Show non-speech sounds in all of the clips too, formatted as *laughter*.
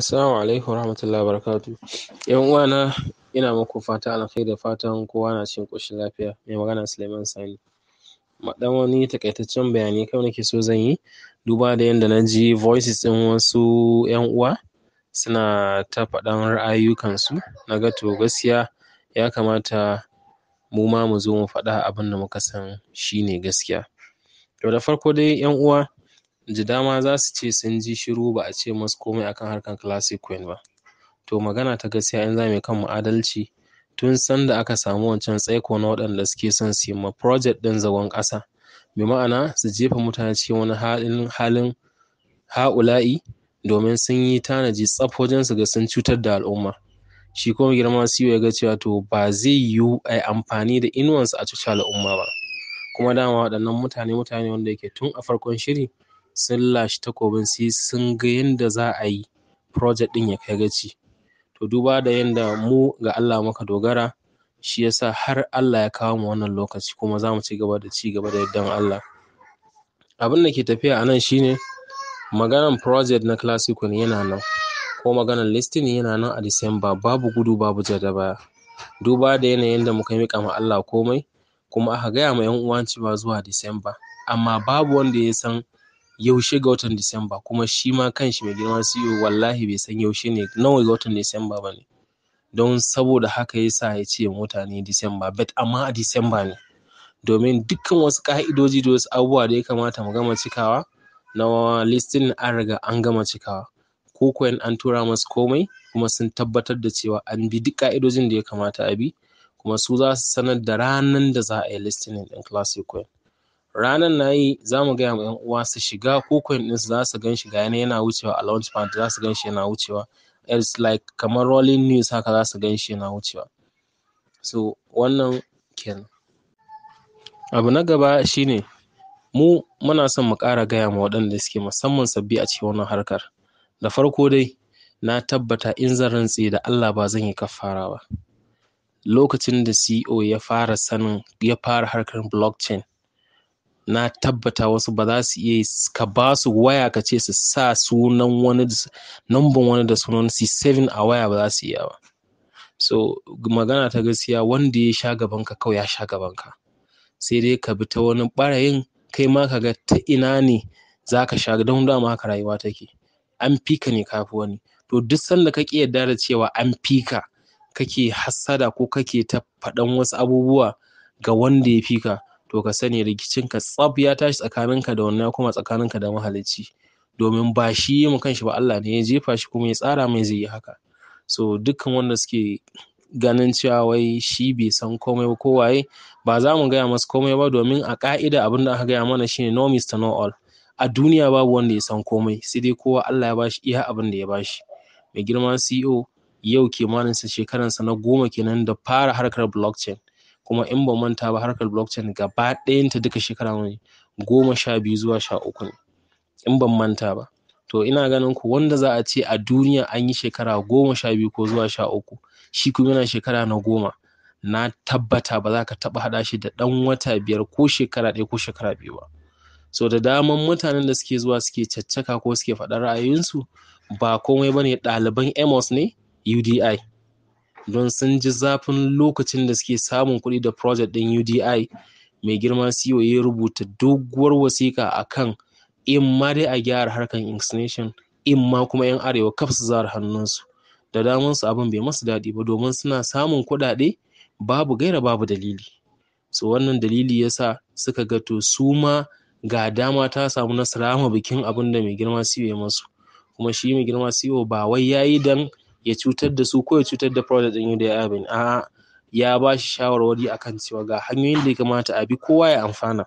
Assalamu alaikum warahmatullahi wabarakatuh. ‘Yan uwana ina muku fata alkhairi da fatan kowa na cikin ƙoshin lafiya. Mai magana Suleiman Sani. Ɗan wani taƙaitaccen bayani kawai nake so zan yi duba da yanda na ji voices ɗin wasu ‘yan uwa suna ta faɗan ra'ayukan Na ga to gaskiya ya kamata mu ma mu zo mu faɗa abin da muka san shi ne gaskiya. To da farko dai ‘yan uwa ji dama za su ce sun ji shiru ba a ce masu komai akan harkar classic queen ba to magana ta gaskiya in za mu kan mu adalci tun sanda aka samu wancan tsaiko na waɗanda suke son su ma project ɗin zagon ƙasa bi ma'ana su jefa mutane cikin wani halin halin ha'ula'i domin sun yi tanaji tsaf wajen su ga sun cutar da al'umma shi kuma girma siyo e ya ga cewa to ba zai yiwu a amfani da inuwansu a cuci al'umma ba kuma dama waɗannan mutane mutane wanda yake tun a farkon shiri sun lashe takobin sai sun ga yadda za a yi project ɗin ya kai ga ci, to duba da yadda mu ga Allah muka dogara shi yasa har Allah ya kawo mu wannan lokaci kuma za mu ci gaba da ci gaba da yardan Allah abin da ke tafiya a nan shine maganan project na classical yana nan ko maganan listing yana nan a December babu gudu babu baya. duba da yanayin da muka mika ma Allah komai kuma aka gaya ma 'yan uwan cewa zuwa December amma babu wanda ya san yaushe ga watan Disamba kuma shi ma kan shi mai girma CEO wallahi bai san yaushe ne nawa ga watan Disamba ba ne. Don saboda haka ya sa ya ce mutane Disamba bet amma a Disamba ne. Domin dukkan wasu ka'idoji da wasu abubuwa da ya kamata mu gama cikawa na listin an riga an gama cikawa. Ko kuwa an tura masu komai kuma sun tabbatar da cewa an bi duk ka'idojin da ya kamata a bi kuma su za su sanar da ranar da za a yi listinin ɗin classic ranar na yi za mu gaya ma 'yan uwa su shiga ko coin ɗin su za su gan shi ga yana wucewa a launch pad za su gan shi yana wucewa it's like kamar rolling news haka za su gan shi yana wucewa so wannan kenan abu na gaba shine mu muna son mu ƙara gaya ma waɗanda suke musamman sabbi a cikin wannan harkar da farko dai na tabbata in zan rantse da Allah ba zan yi kafara ba lokacin da CEO ya fara sanin ya fara harkar blockchain na tabbata wasu ba za su iya ka ba su waya ka ce su sa sunan wani namban wani da sunan su saving a waya ba za su iya ba so magana ta gaskiya wanda ya sha gaban ka kawai ya sha gaban ka sai dai ka bi ta wani barayin kai ma ka ga ta ina ne za ka sha don dama haka rayuwa take an fika ne kafi wani to duk sanda ka ki yarda da cewa an fika kake hassada ko kake ta faɗan wasu abubuwa ga wanda ya fika to ka sani rikicin ka tsaf ya tashi tsakaninka da wannan kuma tsakaninka da mahalicci domin ba shi yi mu kanshi ba Allah ne ya jefa shi kuma ya tsara mai zai yi haka so dukkan wanda suke ganin cewa wai shi bai san komai ba kowaye ba za mu gaya masa komai ba domin a ka'ida abin da aka gaya mana shi ne no mr no all a duniya babu wanda ya san komai sai dai kowa Allah ya bashi iya abin da ya bashi mai girman CEO yau kimanin sa shekaransa na goma kenan da fara harkar blockchain kuma in ba manta ba harkar blockchain gaba ɗayanta duka shekara goma sha biyu zuwa sha uku ne in ban manta ba to ina ganin ku wanda za a ce a duniya an yi shekara goma sha biyu ko zuwa sha uku shi kuma yana shekara na goma na tabbata ba za ka taɓa haɗa shi da ɗan wata biyar ko shekara ɗaya ko shekara biyu ba so da daman mutanen da suke zuwa suke caccaka ko suke faɗar ra'ayoyinsu ba komai ba ne ɗaliban emos ne udi don sun ji zafin lokacin da suke samun kuɗi da project ɗin UDI mai girma CEO ya rubuta doguwar wasiƙa akan in ma dai a gyara harkar insinuation in ma kuma 'yan arewa kaf su zara hannunsu da su abin bai masu daɗi ba domin suna samun kuɗaɗe babu gaira babu dalili so wannan dalili yasa suka ga to su ma ga dama ta samu nasara ma bikin abin da mai girma CEO ya masu kuma shi mai girma CEO ba wai yayi dan ya cutar da su ko ya cutar da product din da ya abin a ya ba shi shawarwari akan cewa ga hanyoyin da ya kamata a bi kowa ya amfana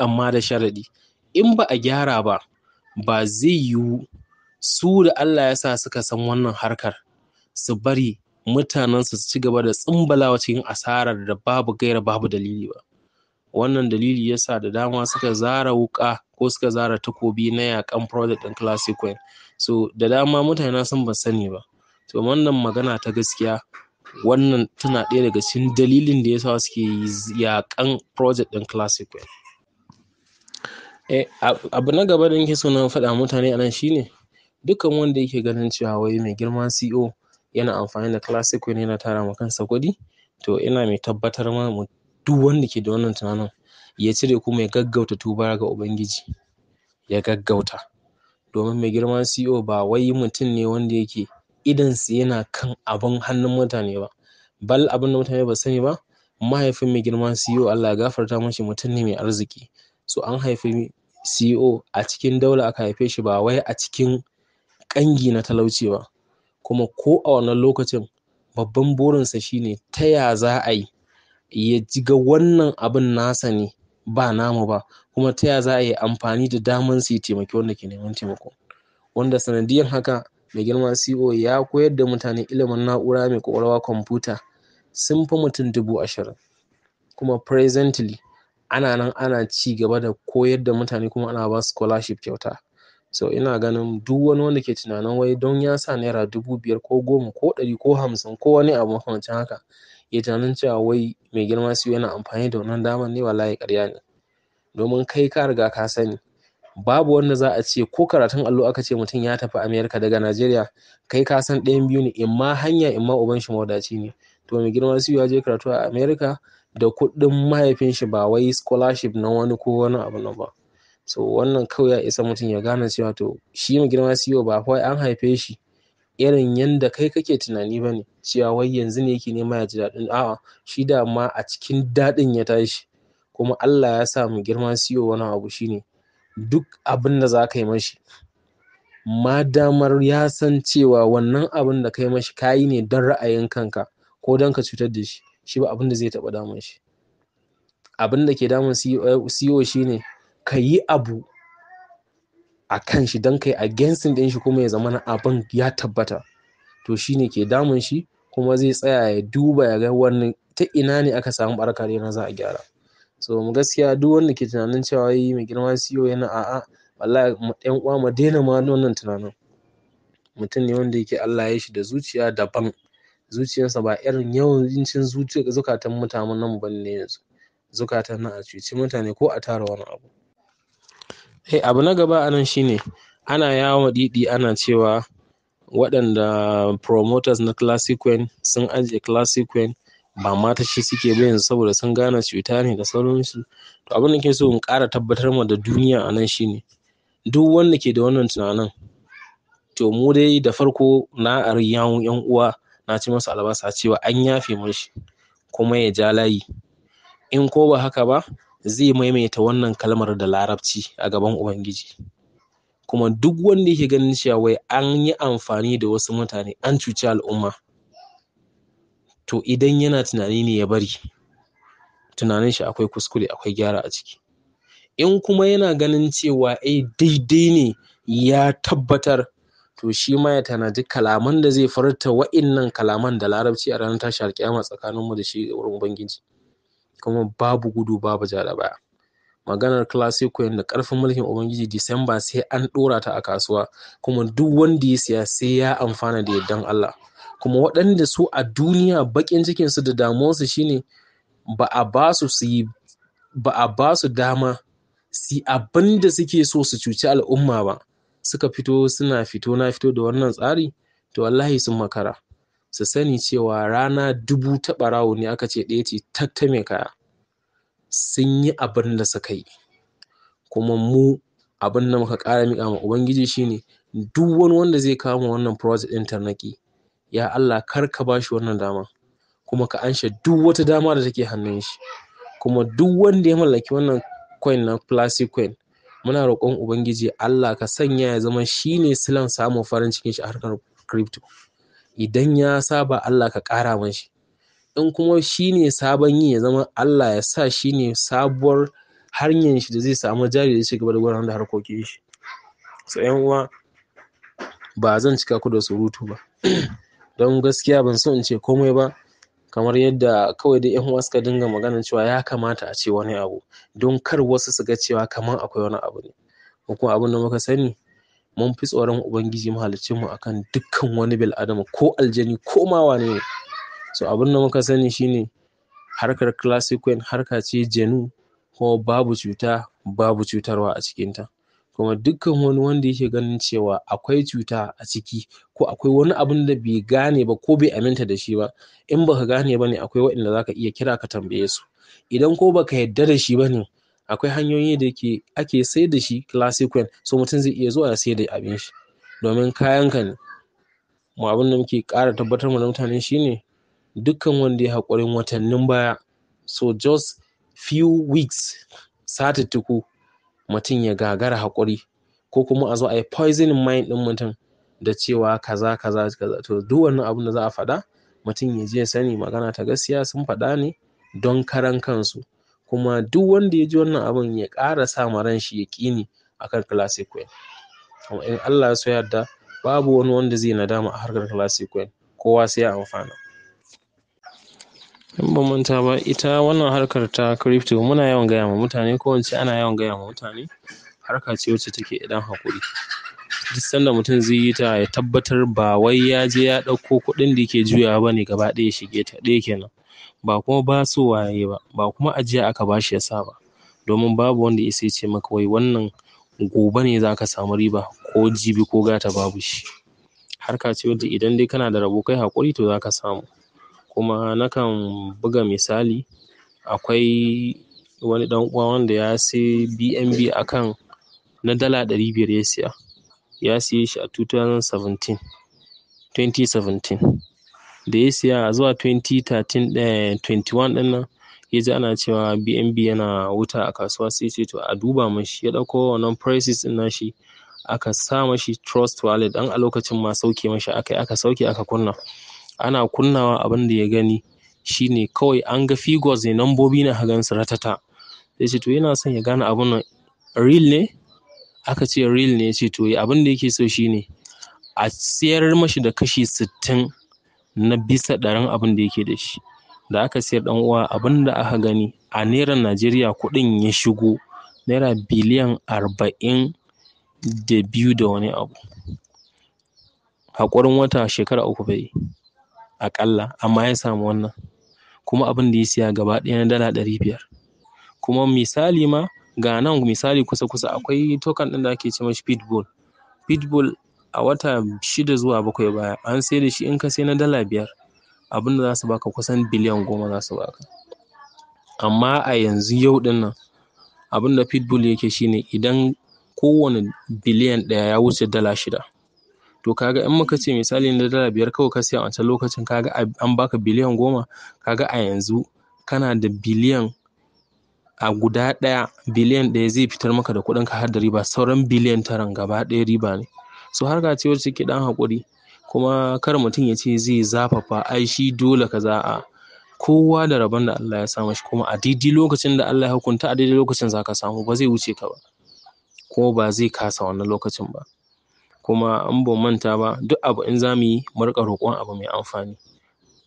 amma da sharadi in ba a gyara ba ba zai yiwu su da Allah ya sa suka san wannan harkar su bari mutanensu su ci gaba da tsumbalawa cikin asarar da babu gaira babu dalili ba wannan dalili yasa da dama suka zara wuƙa. ko suka zara takobi na yakan project ɗin classic coin so da dama mutane na san ba sani ba to wannan magana ta gaskiya wannan tana ɗaya daga cikin dalilin da ya sa suke yaƙan project ɗin classic coin eh abu na gaba da nake so na faɗa mutane anan shine dukkan wanda yake ganin cewa wai mai girman CEO yana amfani da classic yana tara ma kansa kuɗi to ina mai tabbatar ma duk wanda ke da wannan tunanin ya cire kuma ya gaggauta tuba ga Ubangiji ya gaggauta domin mai girman CEO ba wai mutum ne wanda yake idonsa yana kan abin hannun mutane ba bal abin da mutane ba sani ba mahaifin mai girman CEO Allah ya gafarta mashi mutum ne mai arziki so an haifi CEO a cikin daula aka haife shi ba wai a cikin ƙangi na talauci ba kuma ko a wannan lokacin babban burinsa shine ta ya za a yi ya ji ga wannan abin nasa ne ba namu ba kuma ta ya za a yi amfani da daman su yi taimaki wanda ke neman taimako wanda sanadiyar haka mai girma CEO ya koyar da mutane ilimin na'ura mai kwakwalwa kwamfuta sun fi mutum dubu ashirin kuma presently ana nan ana ci gaba da koyar da mutane kuma ana ba su scholarship kyauta So ina ganin duk wani wanda ke tunanin wai don ya sa naira dubu biyar ko goma ko ɗari ko hamsin ko wani abu makamancin haka ya tunanin cewa wai mai girma siyo yana amfani da wannan daman ne wallahi ƙarya ne. Domin kai ka riga ka sani babu wanda za a ce ko karatun allo aka ce mutum ya tafi amerika daga Najeriya kai ka san ɗayan biyu ne in ma hanya in ma uban shi mawadaci ne. To mai girma siyo ya je karatu a amerika da kuɗin mahaifin shi ba wai scholarship na wani ko wani abu nan ba. so wannan kawai ya isa mutum ya gane cewa to shi mai girma CEO ba kawai an haife shi irin yanda kai kake tunani ba ne cewa wai yanzu ne yake nema ya ji daɗin a'a shi da ma a cikin daɗin ya tashi kuma Allah ya sa mu girma siyo e wani abu shine duk abin da za ka yi mashi ma damar ya san cewa wannan abin da ka yi mashi kayi ne don ra'ayin kanka ko don ka cutar da shi shi ba abin da zai taɓa damun shi abin da ke damun siyo e e shine ka yi abu a kan shi don kai against din shi kuma ya zama na abin ya tabbata to shi ne ke damun shi kuma zai tsaya ya duba ya ga wannan ta ina ne aka samu barka da na za a gyara so mu gaskiya duk wanda ke tunanin cewa yi mai girma CEO yana a'a wallahi ɗan uwa mu daina ma wannan tunanin mutum ne wanda yake Allah ya shi da zuciya daban zuciyarsa ba irin yawancin zukatan mutanen mu bane yanzu zukatan na a cuci mutane ko a tara wani abu Eh abu na gaba anan shine ana yawo ɗiɗi ana cewa waɗanda promoters na classiquen sun ajiye classiquen ba mata shi suke ba yanzu saboda sun gane cuta ne da sauransu to abin da ke so in ƙara tabbatar ma da duniya anan nan shine duk wanda ke da wannan tunanin to mu dai da farko na ari yawun yan uwa na ci masu albasa cewa an yafe mashi kuma ya ja layi in ko ba haka ba zai maimaita wannan kalmar da larabci a gaban ubangiji kuma duk wanda yake ganin cewa wai an yi amfani da wasu mutane an cuci al'umma to idan yana tunani ne ya bari tunanin shi akwai kuskure akwai gyara a ciki in kuma yana ganin cewa ai daidai ne ya tabbatar to shi ma ya tanaji kalaman da zai farta wa'innan kalaman da larabci a ranar tashi alƙiyama tsakaninmu da shi wurin ubangiji kuma babu gudu babu ja da baya maganar classico da karfin mulkin ubangiji disamba sai an dora ta a kasuwa kuma duk wanda ya siya sai ya amfana da yardan Allah kuma waɗanda su a duniya baƙin cikin su da damuwarsu shine ba a ba su su yi ba a ba su dama si abin da suke so su cuci al'umma ba suka fito suna fito na fito da wannan tsari to wallahi sun makara su sani cewa rana dubu ta ɓarawo ne aka ce ɗaya ce tak ta mai kaya sun yi abin da suka yi kuma mu abin da muka ƙara miƙa ma ubangiji shine duk wani wanda zai kama wannan project ɗin tarnaki ya Allah kar ka bashi wannan dama kuma ka anshe duk wata dama da take hannun shi kuma duk wanda ya mallaki wannan coin na plastic coin muna roƙon ubangiji Allah ka sanya ya zama shine silan samun farin cikin shi a harkar crypto idan ya saba Allah ka ƙara mashi in kuma shi ne sabon yi ya zama Allah ya sa shi ne sabuwar hanyar shi da zai samu jari da shi gaba da gudanar da harkokin shi so yan uwa ba zan cika ku da surutu ba *clears throat* don gaskiya ban so in ce komai ba kamar yadda kawai da yan uwa suka dinga magana cewa ya kamata a ce wani abu don kar wasu su ga cewa kamar akwai wani abu ne ko kuma abin da muka sani mun fi tsoron ubangiji mu akan dukkan wani bil'adama ko aljani ko ma wane ne so abin da muka sani shine harkar queen harka ce janu kuma babu cuta babu cutarwa a cikinta kuma dukkan wani wanda yake ganin cewa akwai cuta a ciki ko akwai wani abin da bai gane ba ko bai aminta da shi ba in baka gane ba ne akwai waɗanda zaka iya kira ka tambaye su idan ko baka yarda da shi ba ne akwai hanyoyi da ke ake sayar da shi classic coin so mutum zai iya zuwa ya sayar da abin shi domin kayan ka ne mu abin da muke ƙara tabbatar ma da mutane shine dukkan wanda ya haƙurin watannin baya so just few weeks satuttuku mutum ya gagara haƙuri ko kuma a zo a yi poisoning mind ɗin mutum da cewa kaza kaza kaza to duk wannan abin da za a faɗa mutum ya je ya sani magana ta gaskiya sun faɗa ne don karan kansu kuma duk wanda ya ji wannan abin ya ƙara sa ma ran shi ya yaƙini akan classic coin kuma in Allah ya so yarda babu wani wanda zai nadama a harkar classic coin kowa sai ya amfana in ban manta ba ita wannan harkar ta crypto muna yawan gaya ma mutane ko wance ana yawan gaya ma mutane harka ce wacce take idan hakuri duk sanda mutum zai yi ta ya tabbatar ba wai ya je ya ɗauko kuɗin da yake juyawa ba ne gaba ɗaya shige ta ɗaya kenan ba kuma ba so waye ba ba kuma ajiya aka bashi ya sa ba domin babu wanda ya sai ce maka wai wannan gobe ne za ka samu riba ko jibi ko gata babu shi harka ce wadda idan dai kana da rabo kai haƙuri to za ka samu kuma nakan buga misali akwai wani dan uwa wanda ya sai BNB akan na dala ɗari biyar ya siya ya siye shi a 2017 2017 da ya siya zuwa 2013 21 eh, ɗin nan ya ji ana cewa BNB yana wuta a kasuwa sai ce to a duba mashi ya ɗauko wannan prices ɗin nashi aka sa mashi trust wallet dan a lokacin ma sauke mashi aka yi aka sauke aka kunna ana kunnawa abin da ya gani shine kawai an ga figures ne nambobi na hagan su ratata sai ce to yana son ya gane abin nan real ne aka ce real ne ya ce to abin da yake so shine a siyar mashi da kashi sittin na bisa ɗarin abin da yake da shi da aka sayar ɗan uwa abin da aka gani a naira najeriya kuɗin ya shigo naira biliyan arba'in da biyu da wani abu haƙurin wata shekara uku bai aƙalla amma ya samu wannan kuma abin da ya siya gaba ɗaya na dala ɗari biyar kuma misali ma ga nan misali kusa kusa akwai token ɗin da ake ce mashi pitbull pitbull a wata shida zuwa bakwai baya an sai da shi in ka sai na dala biyar abin da za su baka kusan biliyan goma za su baka amma a yanzu yau din nan abin da pitbull yake shine idan kowane biliyan ɗaya ya wuce dala shida to kaga in muka ce misali na dala biyar kawai ka siya a wancan lokacin kaga an baka biliyan goma kaga a yanzu kana da biliyan a guda ɗaya biliyan ɗaya zai fitar maka da kuɗin ka har da riba sauran biliyan taran gaba ɗaya riba ne Su har ga cewar ke ɗan haƙuri kuma kar mutum ya ce zai zafafa ai shi dole kaza za'a. kowa da rabon da Allah ya sa shi, kuma a daidai lokacin da Allah ya hukunta a daidai lokacin za ka samu ba zai wuce ka ba ko ba zai kasa wannan lokacin ba kuma an ban manta ba duk abu in za mu yi mu riƙa roƙon abu mai amfani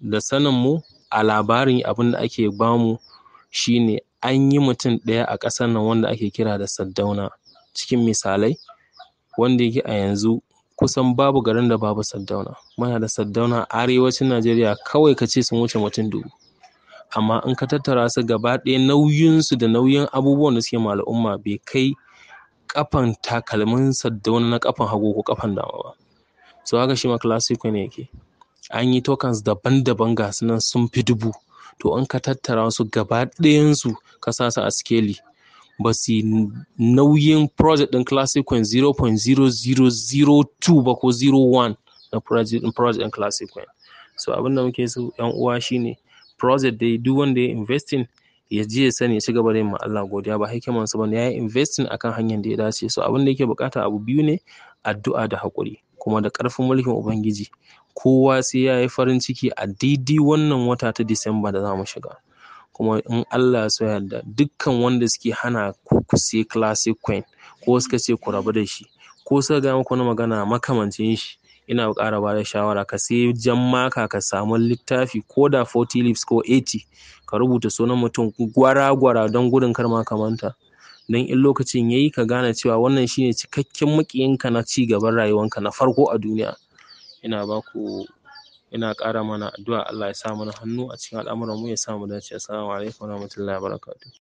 da sanin mu a labarin abin da ake bamu shine an yi mutum ɗaya a ƙasar nan wanda ake kira da Saddauna cikin misalai wanda yake a yanzu kusan babu garin da babu saddauna muna da saddauna a arewacin Najeriya kawai ka ce sun wuce mutum dubu amma in ka tattara su gaba ɗaya nauyinsu da nauyin abubuwan da suke ma al'umma bai kai kafan takalmin saddauna na kafan hagu ko kafan dama ba so haka shi ma classico ne yake an yi tokens daban-daban ga su sun fi dubu to in ka tattara su gaba ɗayansu ka sa su a skeli ba su nauyin project ɗin classic coin 0.0002 ba ko 01 na project ɗin classic coin so abin da muke so yan uwa shine project dai duk wanda ya investing ya je ya sani ya ci gaba da yin Allah godiya ba hikiman sa bane ya yi investing akan hanyar da ya dace so abin da yake bukata abu biyu ne addu'a da hakuri kuma da karfin mulkin ubangiji kowa sai ya yi farin ciki a daidai wannan wata ta disamba da za mu shiga kuma in Allah ya so yarda dukkan wanda suke hana ku ku sai classic coin ko suka ce ku rabu da shi ko suka gaya muku wani magana makamancin shi ina ƙara bada shawara ka sai jan maka ka samu littafi ko da 40 leaves ko 80 ka rubuta sunan mutum gwara-gwara don gudun kar ma ka don in lokacin ya yi ka gane cewa wannan shine cikakken makiyinka na ci gaban rayuwanka na farko a duniya ina ba ku ina ƙara mana addu'a Allah ya sa mana hannu a cikin al'amuran mu ya sa mu dace. Assalamu alaikum warahmatullahi wabarakatuh.